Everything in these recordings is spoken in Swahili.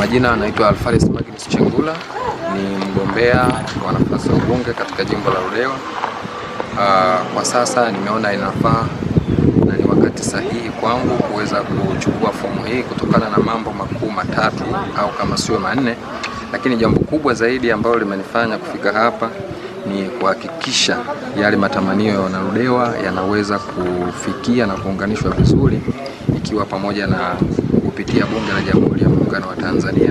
majina anaitwa Alfaris Magnus Chengula, ni mgombea wa nafasi ya ubunge katika jimbo la Ludewa. Ah, kwa sasa nimeona inafaa na ni wakati sahihi kwangu kuweza kuchukua fomu hii kutokana na mambo makuu matatu au kama sio manne, lakini jambo kubwa zaidi ambalo limenifanya kufika hapa ni kuhakikisha yale matamanio ya wanaludewa yanaweza kufikia na kuunganishwa vizuri, ikiwa pamoja na kupitia Bunge la Jamhuri ya Muungano wa Tanzania,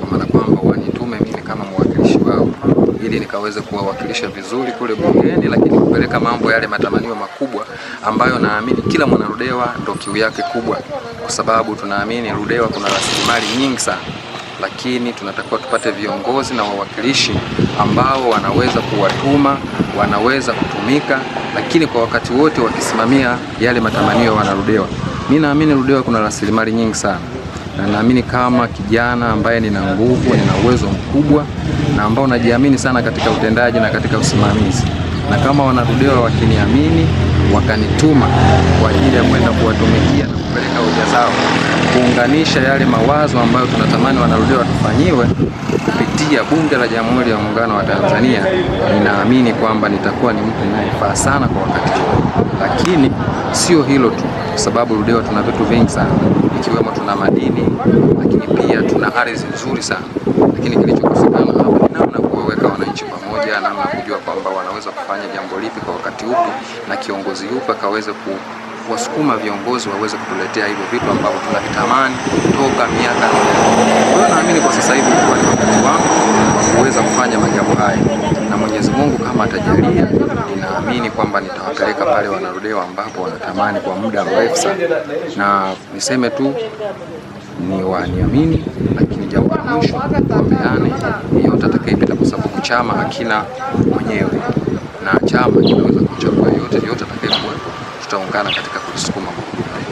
kwa maana kwamba wanitume mimi kama mwakilishi wao ili nikaweze kuwawakilisha vizuri kule bungeni, lakini kupeleka mambo yale matamanio makubwa ambayo naamini kila mwanarudewa ndo kiu yake kubwa, kwa sababu tunaamini Rudewa kuna rasilimali nyingi sana lakini tunatakiwa tupate viongozi na wawakilishi ambao wanaweza kuwatuma, wanaweza kutumika, lakini kwa wakati wote wakisimamia yale matamanio wanarudewa. Mimi naamini Ludewa kuna rasilimali nyingi sana, na naamini kama kijana ambaye nina nguvu, nina uwezo mkubwa na ambao najiamini sana katika utendaji na katika usimamizi, na kama wanarudewa wakiniamini, wakanituma kwa ajili ya kwenda kuwatumikia na kupeleka hoja zao, kuunganisha yale mawazo ambayo tunatamani wanarudewa tufanyiwe kupitia Bunge la Jamhuri ya Muungano wa Tanzania, ninaamini kwamba nitakuwa ni mtu ninayefaa sana kwa wakati, lakini sio hilo tu kwa sababu Ludewa tuna vitu vingi sana, ikiwemo tuna madini, lakini pia tuna ardhi nzuri sana, lakini kilichokosekana hapa ni namna kuwaweka wananchi pamoja, namna kujua kwamba wanaweza kufanya jambo lipi kwa wakati upi na kiongozi yupi akaweze ku wasukuma viongozi waweze kutuletea hivyo vitu ambavyo tunavitamani toka miaka. Kwa hiyo naamini kwa sasa hivi kwa wakati wangu wa kuweza kufanya majambo haya. mpaka pale wanarudewa ambapo wanatamani kwa muda mrefu sana, na niseme tu ni waniamini, lakini jambo la mwisho wapeane yeyote atakayepita, kwa sababu chama hakina mwenyewe na chama kinaweza kuchagua yote yote atakayekuwepo. Tutaungana katika kulisukuma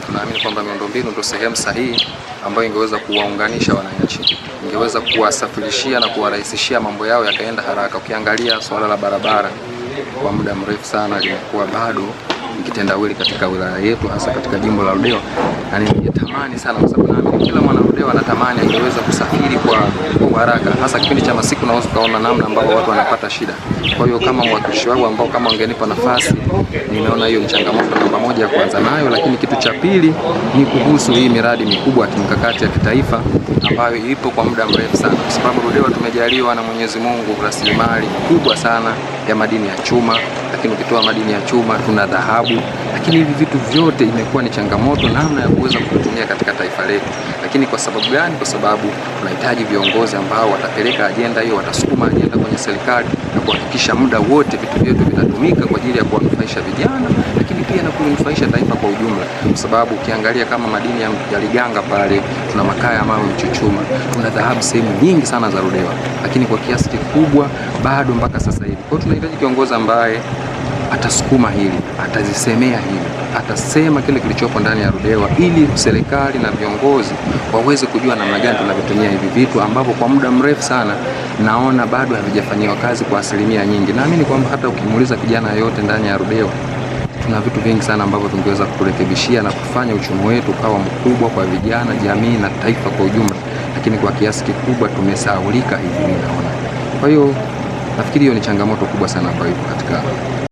tunaamini kwamba miundombinu ndio sehemu sahihi ambayo ingeweza kuwaunganisha wananchi, ingeweza kuwasafirishia na kuwarahisishia mambo yao yakaenda haraka. Ukiangalia swala la barabara kwa muda mrefu sana limekuwa bado wili katika wilaya yetu, hasa katika jimbo la Ludewa, na nilitamani sana, kwa sababu naamini kila mwana Ludewa anatamani angeweza kusafiri kwa haraka, hasa kipindi cha masiku, na kaona namna ambavyo watu wanapata shida. Kwa hiyo kama mwakilishi wangu ambao kama wangenipa nafasi, nimeona hiyo ni changamoto namba moja ya kuanza nayo, lakini kitu cha pili ni kuhusu hii miradi mikubwa ya kimkakati ya kitaifa ambayo ipo kwa muda mrefu sana, kwa sababu Ludewa tumejaliwa na Mwenyezi Mungu rasilimali kubwa sana ya madini ya chuma, lakini ukitoa madini ya chuma tuna dhahabu, lakini hivi vitu vyote imekuwa ni changamoto namna ya kuweza kutumia katika taifa letu. Lakini kwa sababu gani? Kwa sababu tunahitaji viongozi ambao watapeleka ajenda hiyo, watasukuma ajenda kwenye serikali na kuhakikisha muda wote vitu vyetu vinatumika kwa ajili ya kuwanufaisha vijana, lakini pia na kunufaisha taifa kwa ujumla, kwa sababu ukiangalia kama madini ya Liganga pale tuna makaa ya mawe Mchuchuma, tuna dhahabu sehemu nyingi sana za Ludewa, lakini kwa kiasi kikubwa bado mpaka sasa hivi. Kwa hiyo tunahitaji kiongozi ambaye atasukuma hili, atazisemea hili, atasema kile kilichopo ndani ya Ludewa, ili serikali na viongozi waweze kujua namna gani tunavyotumia hivi vitu ambavyo kwa muda mrefu sana naona bado havijafanyiwa kazi kwa asilimia nyingi. Naamini kwamba hata ukimuuliza kijana yoyote ndani ya Ludewa, tuna vitu vingi sana ambavyo tungeweza kuturekebishia na kufanya uchumi wetu ukawa mkubwa kwa vijana, jamii na taifa kwa ujumla, lakini kwa kiasi kikubwa tumesahaulika hivi, ninaona. Kwa hiyo nafikiri hiyo ni changamoto kubwa sana ambayo iko katika